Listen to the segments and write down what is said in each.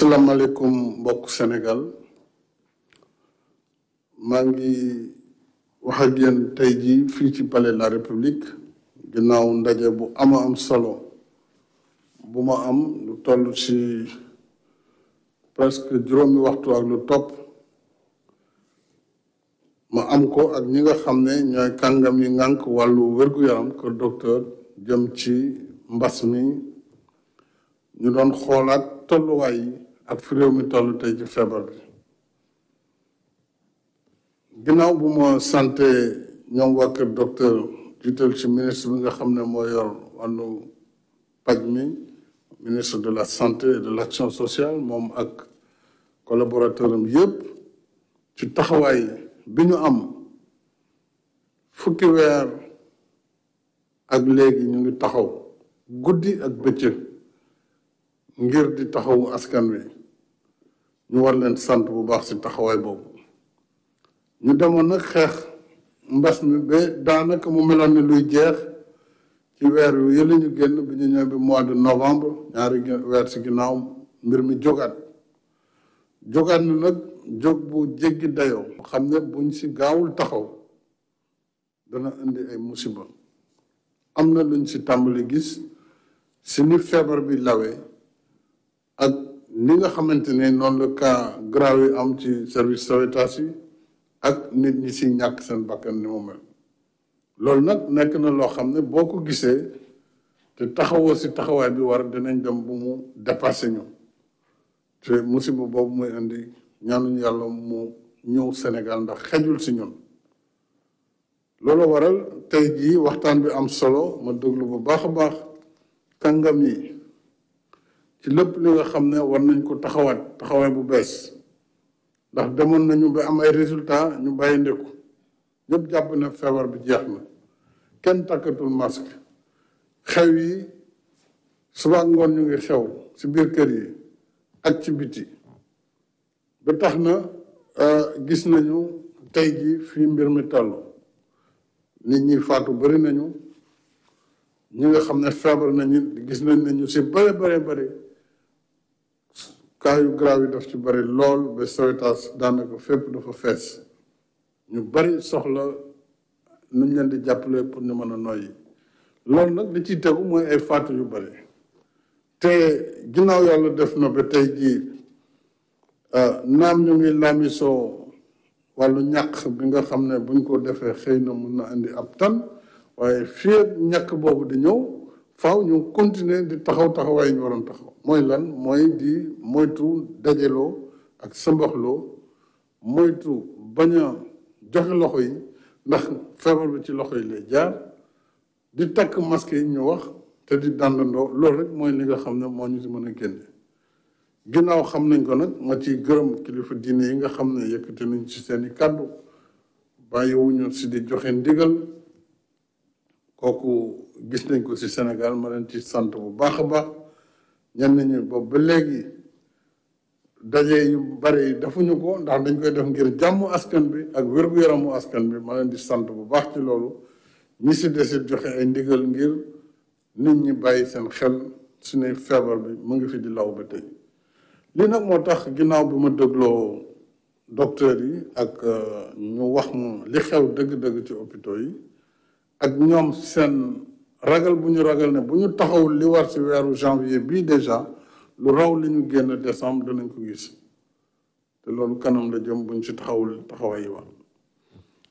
Assalamualaikum Bok Senegal, mangi ngi wax ak yéen tey jii fii ci palais la république ndaje bu ama am solo buma ma am lu toll ci presque juróomi waxtu ak lu topp ma am ko ak ñi nga xam ne ñooy kàngam yi ngànk wàllu wér yaram ko docteur jëm ci mbas mi ñu doon xoolaat tolluwaay yi ak fi réew mi toll tey ci feebar bi ginnaaw bu ma santé ñoom waa kër docteur jiital ci ministre bi nga xam ne moo yor wàllu paj mi ministre de la santé de l'action sociale moom ak collaborateur am yëpp ci taxawaay bi ñu am fukki weer ak léegi ñu ngi taxaw guddi ak bëccëg ngir di taxawu askan wi ñu war leen sant bu baax si taxawaay boobu ñu demoon nag xeex mbas mi ba daanaka mu meloon ni luy jeex ci weer yu yële ñu génn bi ñu ñëw bi mois de novembre ñaari weer si ginnaaw mbir mi jógaat jógaat na nag jóg bu jéggi dayoo xam ne buñ si gaawul taxaw dana indi ay musiba am na luñ si tàmbali gis si ni feebar bi lawee ak ni nga xamantene non le cas grave am ci service sanitaire ak nit ñi ci ñak seen bakkan ni mo mel lool nak nek na lo xamne boko gisee te taxawoo si taxaway bi war dinañ dem bu mu dépassé ñu te musiba bobu muy andi ñaanu yalla mu ñew sénégal ndax xejul ci ñun loolu waral tay ji waxtaan bi am solo ma déglu bu baax baax yi ci lépp li nga xam ne war nañ ko taxawaat taxawaay bu bees ndax demoon nañu ba am ay résultat ñu bàyyi ndeku ñëpp jàpp na feebar bi jeex na kenn takkatul masque xew yi suba ngoon ñu ngi xew si biir kër yi ak ci biti ba tax na euh, gis nañu tey ji fii mbir mi toll nit ñi faatu bari nañu ñu nga xam ne feebar nañu gis nañ ne ñu ci bare bare bare kaayu yu grave yi daf ci bëri lool ba Sowétas daanaka fépp dafa fees ñu bari soxla nu ñu leen di jàppale pour ñu mën a noyyi loolu nag li ci tegu mooy ay faatu yu bari te ginnaaw yàlla def na ba tey jii ah, naam ñu ngi laamisoo wàllu ñàkk bi nga xam ne buñ ko defee xëy na mun na indi ab tan waaye fii ñàkk boobu di ñëw faw ñu continuer di taxaw taxawaay ñu waroon taxaw mooy lan mooy di moytu dajeloo ak sëmbaxloo moytu bañ a joxe loxo yi ndax feebar bi ci loxo yi lay jaar di takk masque yi ñu wax te di dàndandoo loolu rek mooy li nga xam ne moo ñu si mën a génne ginnaaw xam nañ ko nag ma ciy gërëm kilifa diine yi nga xam ne yëkkati nañ ci seen i kàddu bàyyiwuñu si di joxe ndigal koku gis nañ ko si Sénégal ma leen ci sant bu baax a baax ñen nañu boobu ba léegi daje yu bari defuñu ko ndax dañ koy def ngir jàmm askan bi ak wérgu yaramu askan bi ma leen di sant bu baax ci loolu ñi si desit joxe ay ndigal ngir nit ñi bàyyi seen xel suñuy feebar bi mu ngi fi di law ba tey li nag moo tax ginnaaw bi ma dégloo docteur yi ak euh, ñu wax ma li xew dëgg-dëgg ci hôpitaux yi ak ñoom seen ragal bu ñu ragal ne bu ñu taxaw li war ci weeru janvier bii déjà lu raw li ñu génn décembre danañ ko gis te loolu kanam la jëm buñ ci taxawul taxawaay wa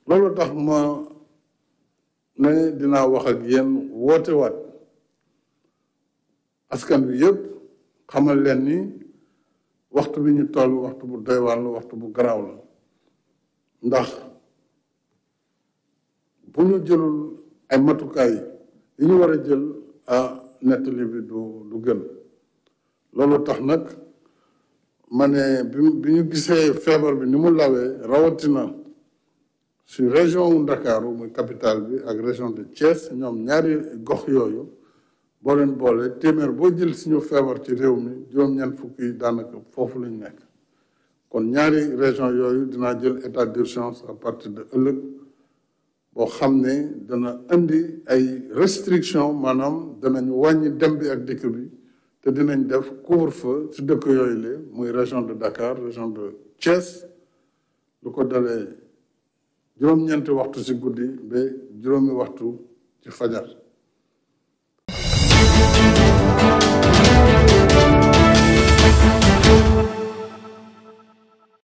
loolu tax ma ne dinaa wax ak yéen askan bi yépp xamal leen ni waxtu bi ñu toll waxtu bu doy waxtu bu garaaw la ndax bu ñu jëlul ay matukaay yi ñu war a jël ah nettali bi du du gën loolu tax nag ma ne bi ñu gisee feebar bi ni mu lawee rawatina si région wu Ndakaaru muy capitale bi ak région de Thiès ñoom ñaari gox yooyu boo leen boole téeméer boo jël suñu feebar ci réew mi juróom-ñeent fukki yi daanaka foofu lañ nekk kon ñaari région yooyu dinaa jël état d'urgence à partir de ëllëg boo xam dana andi ay restriction manam danañ wàññi dem bi ak dikk bi te dinañ def couvre-feu ci dëkk yooyu le muy région de Dakar région de Thiès lu ko dalee juróom-ñeenti waxtu ci guddi ba juróomi waxtu ci fajar